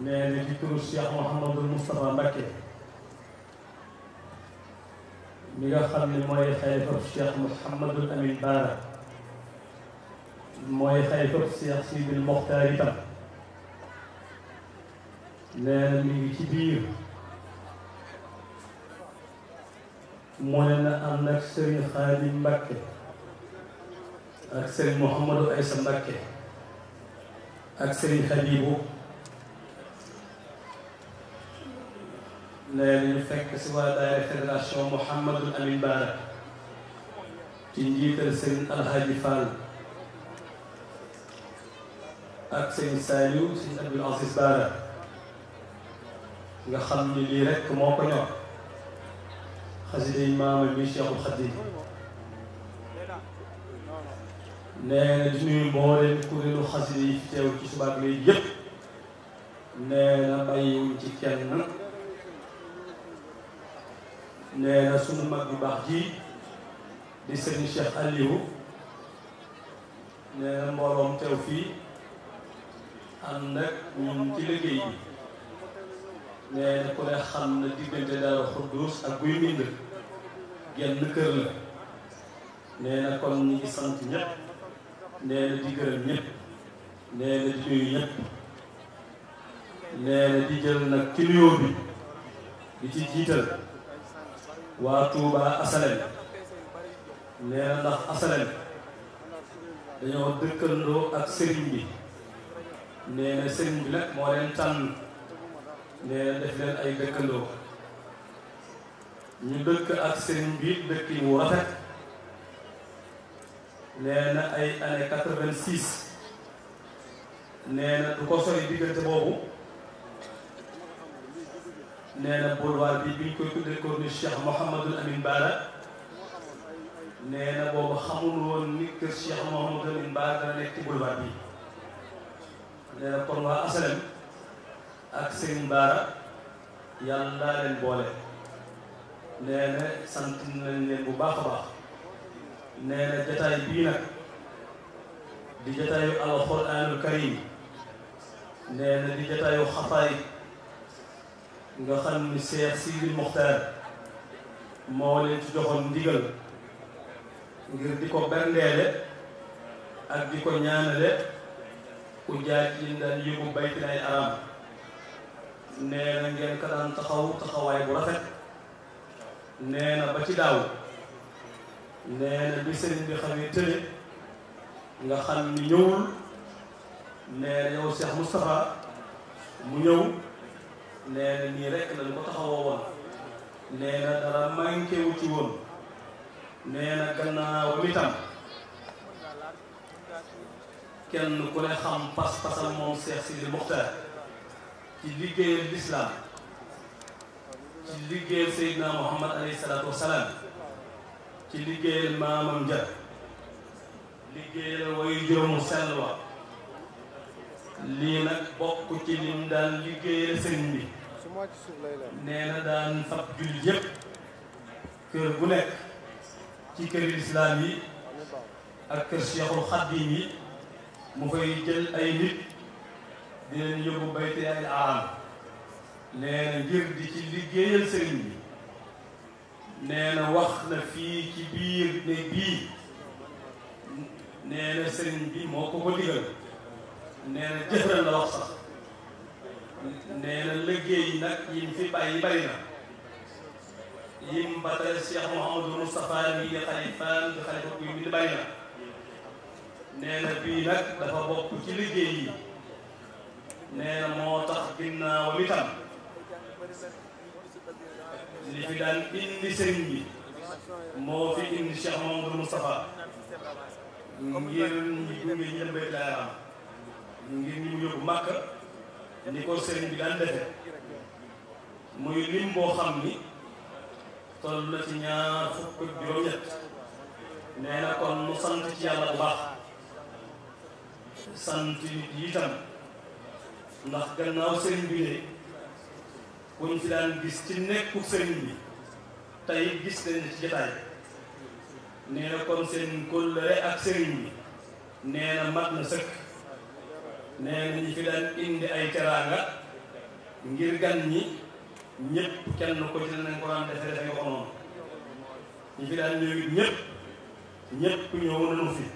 nee na ci turu Cheikh Mouhamadul Moustapha Mbacke mi nga xam ne mooy xalifa Cheikh Mouhamadul Amin Baara mooy xalifa Cheikh Sidil Mokhtar itam nee na mi ngi ci biir mu ne na am nag Serigne Khadim Mbacke ak Serigne Mouhamadou Aïssa nee nañu fekk si waa daayira fédération Mouhamadul Amin Baara ci njiital sëñ Alhaji Fall ak sëñ Saliou sëñ Abdul Aziz Baara nga xam ni lii rekk moo ko ñor xasida yi maama bi Cheikhul Khadim nee na di nuyu mbooleem kuréelu xasida yi fi ci subaak léegi yépp nee na bàyyiwuñ ci kenn nee na sunu mag bu baax ji di sëriñ Cheikh Aliou nee na mbooloom fii ànd ak ñun ci liggéey bi nee na ku ne xam na diggante Daaru Xuddus ak guy mbind genn kër la nee na kon ñu ngi sant ñëpp nee di gërëm ñëpp nee na di jël nag ci nuyoo bi di ci jiital waa Touba Asalem nee na ndax Asalem dañoo dëkkandoo ak sëriñ bi nee na sëriñ bi nag moo leen tànn nee na def leen ay dëkkandoo ñu dëkk ak sëriñ bi dëkk yi mu rafet nee na ay année quatre-vingt-six nee na du ko sori diggante boobu nee na boulevard bi biñ koy tuddee corniche Cheikh Mouhamadul Amin Baara nee na boobu ni kër Cheikh Mouhamadul Amin Baara dana nekk ci boulevard bi nee na waa asalem ak seen Baara yàlla leen boole nee na sant nañ leen bu baax a jataay bii nag di jataayu alxuraanul karim nee di jataayu xafaay nga xam ni Cheikh Sidil Mokhtar moo leen ci joxoon ndigal ngir di ko berndeele ak di ko ñaanale ku jaaj yi daan yóbbu baytil ay araam nee ngeen ka daan taxaw taxawaay bu rafet nee ba ci daaw nee na bi sëriñ bi xamee tële nga xam ni ñëwul nee na yow Cheikh mu ñëw nee na nii rek lañ ko taxawoo woon nee dara manquéwu ci woon nee na gannaaw mi tam kenn ku ne xam pas-pasam moom Cheikh Sidi Mokhtar ci liggéeyal lislaam ci liggéeyal Seydina Muhammad alayhi salaatu wasalaam ci liggéeyal maamam njar liggéeyal wayu juróomu sell wa lii nag bokk ci lim daan liggéeyal sëñ bi nee na daan fab jullit yépp kër bu nekk ci kër lislaam yi ak kër Seexul Xadiim yi mu fay jël ay nit di leen yóbbu bayti al aam nee ngir di ci liggéeyal sëriñ bi nee wax na fii ci biir bii nee sëriñ bi moo ko ko digal nee na wax sax nee léegi liggéey nag yim fi bàyyi bari na yim batale Cheikh Mouhamadou Moustapha mii di xalifaan di xalifa kuy bind bari na nee na bii nag dafa bokk ci liggéey moo tax ginnaawam itam li fi indi sëriñ bi moo fi indi Cheikh Mouhamadou Moustapha ngir ñu gunge ñëmbay daaram ngir ñu yóbbu Màkka ni ko sëriñ bi daan defe muy lim boo xam ni toll na ci ñaar fukk ak juróom-ñett nee na kon sant ci yàlla bu baax sant yi itam ndax gannaaw sëriñ bi de kuñ fi daan gis ci nekku sëriñ bi tey gis nañ ci jotaay nee na kon seen kóllëre ak sëriñ bi nee na mat na sëkk nee nañu fi daan indi ay teraanga ngir gan ñi ñëpp kenn ko ci nañ ko daan defee defe ko noonu ñu fi daan ñëw it ñëpp ñëw nañu fi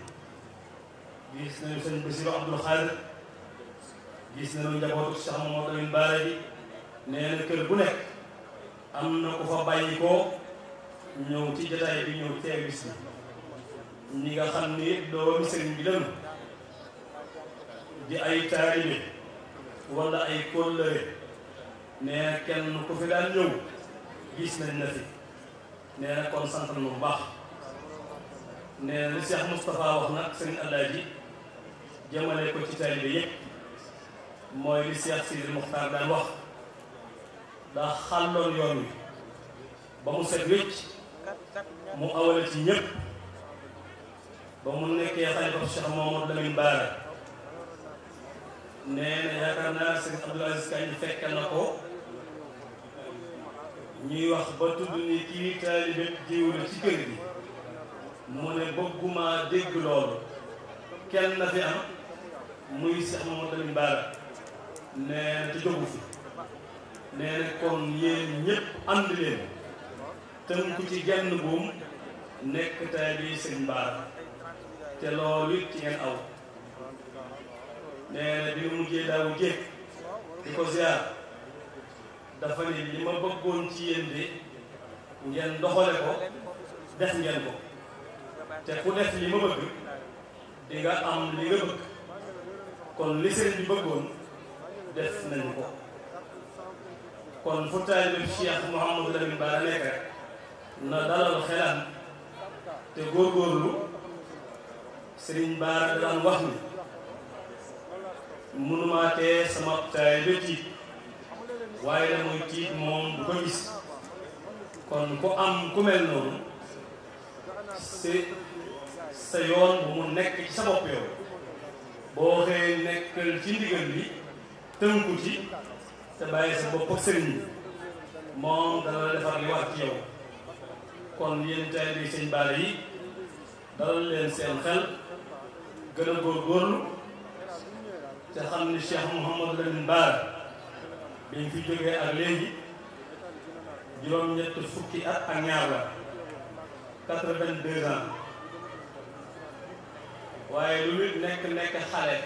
gis nañu sëñ Basiru Abdul Xaadir gis nañu njabootu Cheikh Mamadou Lamine Bara bi nee kër bu nekk am na ku fa bàyyi koo ñëw ci jotaay bi ñëw teew bis bi ñi nga xam ni doomi sëriñ bi lañu di ay taalibe wala ay kóllëre nee kenn ku fi daan ñëw gis nañ na nee kon sant na bu baax nee na li Cheikh Moustapha wax nag sëñ Alaaji jëmale ko ci taalibe yëpp mooy li Cheikh Sidi Mokhtar daan wax daa xàlloon yoon wi ba mu set wécc mu awale ci ñëpp ba mu nekkee xalifa Cheikh Mamadou Lamine Bara nee na yaakaar naa sëñ Abdou Aziz Kañ fekk na ko ñuy wax ba tudd ni kii taalibe jiw la ci kër gi mu ne bëgguma dégg loolu kenn na fi am muy Cheikh Mamadou Lamine Bara nee na te fi nee na kon yéen ñëpp ànd leen tënku ci genn buum nekk taalibe Sëñ Bara te loolu it ci ngeen aw nee na bi mu mujjee daawu jéeg di ko ziar dafa ne li ma bëggoon ci yéen de ngeen doxale ko def ngeen ko te ku def li ma bëgg di am li nga bëgg kon li sëriñ bi bëggoon def nañu ko kon fu taalibe Cheikh Mouhamadou Lamine Bara nekk rek na dalal xelam te góorgóorlu sëriñ Bara daan wax ni mënumaatee sama taay ba tiit waaye la tiit moom du ko gis kon ku am ku mel noonu si sa yoon bu mu nekk ci sa bopp yow boo xëyee nekkal ci ndigal bi tënku ci te bàyyi sa bopp ak sëriñ moom dana defar li war ci yow kon yéen taay bi sëñ baale yi dalal leen seen xel gën a góorgóorlu te xam ne Cheikh Mouhamadou Lamine Bara dañ fi jógee ak léegi juróom-ñett fukki at ak ñaar la quatre-vingt-deux ans waaye lu nit nekk nekk xale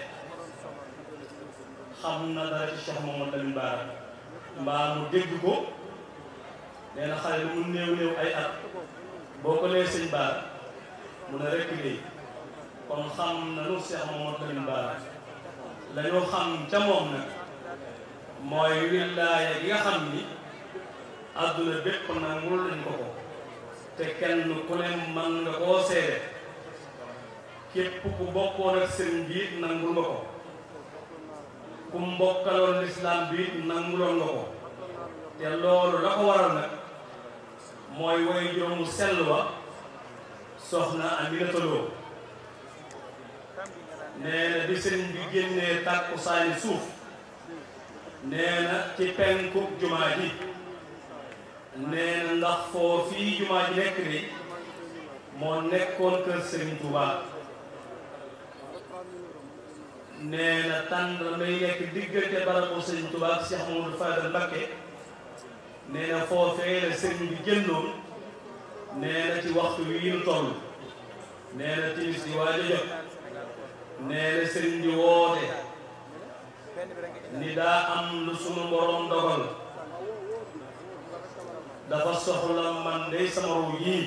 xam na dara ci Cheikh Mouhamadou Lamine Bara mbaa mu dégg ko nee xale lu mu néew néew ay at boo ko lee sëñ Bara mu ne rekk léegi kon xam na lu Cheikh Mouhamadou Lamine Bara la ñu xam ca moom nag mooy wilaaya gi nga xam ni adduna bépp nangul lañ ko ko te kenn ku ne mën nga koo seede képp ku bokkoon ak seen biit nangul nga ko ku mbokkaloon lislaam biit nanguloon nga ko te loolu la ko waral nag mooy way joomu sell wa soxna Aminata Lo nee na bi sëriñ bi génnee tàkku saani suuf nee na ci penkub jumaa ji nee na ndax foo fii jumaa ji nekk ni moo nekkoon kër sëriñ Touba nee na tànn nekk diggante barabu sëriñ Touba ak Cheikh Mamadou Fadal Mbacké nee foofee la sëriñ bi génnoon nee ci waxtu wi ñu toll nee na timis di waaj jot nee na sëriñ bi woote ni daa am lu sunu borom dogal dafa soxla man day sama ruw yii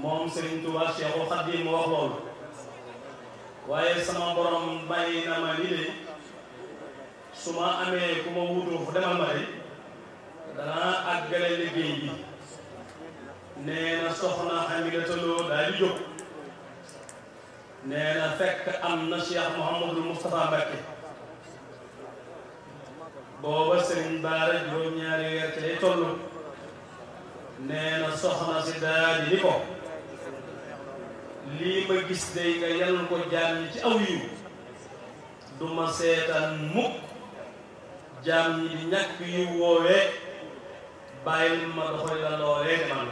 moom sëriñ Tuubaa Seexu Xaadim mu wax loolu waaye sama borom bàyyi na ma ni de su amee ku ma wutu fu ma de danaa àggale liggéey bi nee na soxna Xamidata Lo di jóg nee na fekk am na Cheikh Mouhamadul Moustapha Mbacke booba sëriñ Baara juróom-ñaari weer ci lay toll nee na soxna si daal di ni ko lii ma gis day nga yal ko jaam ñi ci aw yiw du ma seetaan mukk jaam ñi di ñàkk yiw woowee bàyyil ma doxali la loolee demal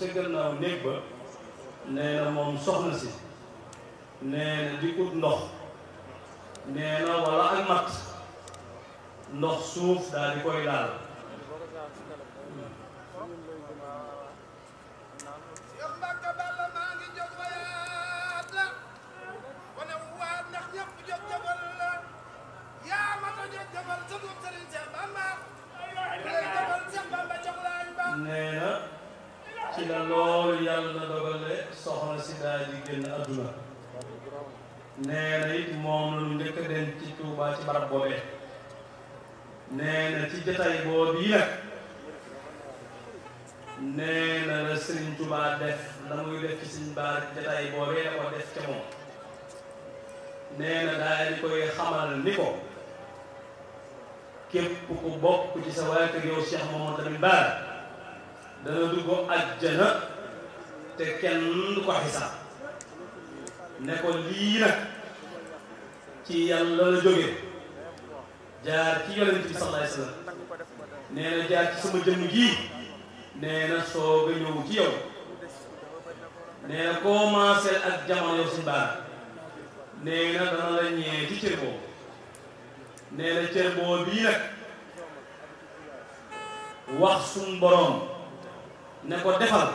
ca gannaaw néeg ba nee na moom soxna si nee na di ut ndox nee na wala ak matt ndox suuf daal di koy laal lii nag nee na la Serigne Touba def la def ci Serigne Bara jataay boobee da ko def ca moom nee daal di koy xamal ni ko képp ku bokk ci sa waa kër yow Cheikh Mamadou Lamine Bara dana dugg àjjana te kenn ko xisaab ne ko lii nag ci yàlla la jógee jaar ci yonent bi sallallahu alayhi nee na jaar ci sama jëmm ji nee na soog a ñëw ci yow nee na commencé ak jamono yow si nee na dana la ñee ci cër boobu nee na cër boobu bii nag wax suñ boroom ne ko defal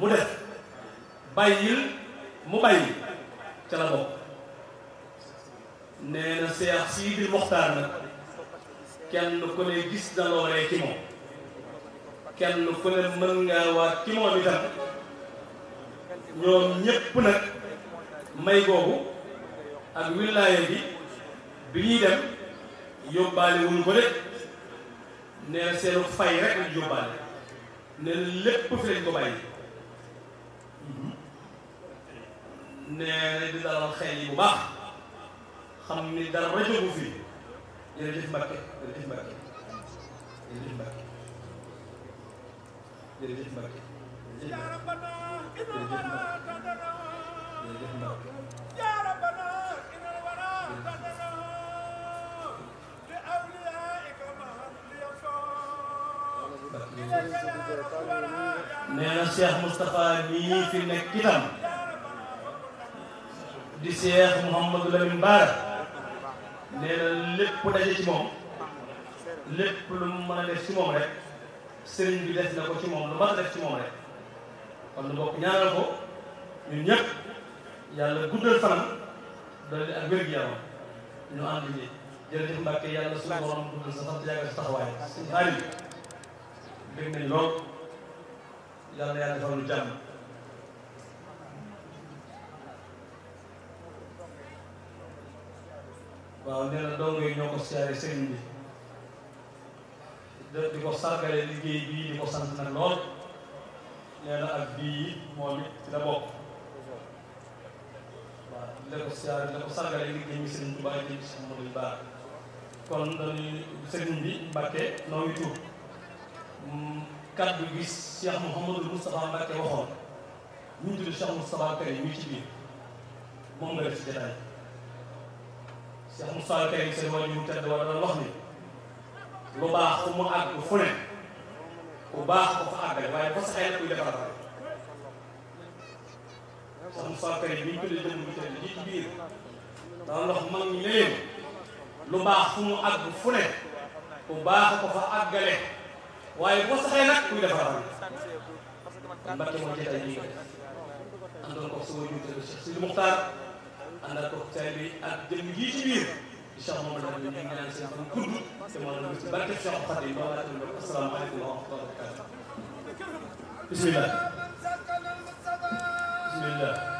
mu def bàyyil mu bàyyi ca la bokk nee na Seex Sidi Moxtaar nag kenn ku ne gis na loolee ci moom kenn ku ne mën ngaa waat ci moom itam ñoom ñépp nag may googu ak wilaaya bi bi ñuy dem yóbbaale wuñu ko de nee seenu fay rek lañu yóbbaale ne lépp fi lañ ko bàyyi nee di dalal xel yi bu baax xam ni dara jógu fii jërëjëf Mbacke jërëjëf Mbacke jërëjëf Mbacke jërëjëf Mbacke jërëjëf Mbacke jërëjëf Mbacke nee na Cheikh Moustapha mii fi nekk itam di Cheikh Mouhamadou Lamine Bara nee na lépp daje ci moom lépp lu mu mën a def ci moom rek sëriñ bi def na ko ci moom lu mën a def ci moom rek kon nu bokk ñaanal ko ñun ñëpp yàlla guddal fanam dolli ak wér-gu-yaram ñu ànd ñi jërëjëf Mbàkke yàlla suñu borom guddal sa sant yàggal sa taxawaay suñu xarit bi dégg nañ lool yàlla yàlla defal lu jàmm waaw nee na dong yi ko siyaare sëriñ bi di ko sargale liggéey bii di ko sant nag lool ak bii moom it ci la di la ko siyaare di ko sargale liggéey bi sëriñ Tuubaa jëm si Modou Ba kon dañuy sëriñ bi Mbàkke noo ngi tuub mm, kaddu gi Cheikh Mouhamadou Moustapha Mbàkke waxoon ñu ngi tudd Cheikh Moustapha Karim mi ci biir moom nga def si jataay Cheikh Moustapha Karim seen wàññi mu tedd war doon wax ni lu baax fu mu àgg fu ne ku baax ko fa àggale waaye bu saxee nag kuy defar rek Cheikh Moustapha Karim bi ñu tuddee jëmm bu tedd ji ci biir daan wax mag ñi leen lu baax fu mu àgg fu ne ku baax ko fa àggale waaye bu saxee nag kuy defar rek Mbacke mooy jotaay yi nga def àndoon ko sama jiw tëdd Cheikh Sidi Muxtaar ànd ak kooku taay bi ak jëmm yii ci biir incha allah moom la ñu ñaan seen fan gudd te moo la ci barke Cheikh Khadim ba wàcc na asalaamaaleykum wa rahmatulah wa barakatu bismillah bismillah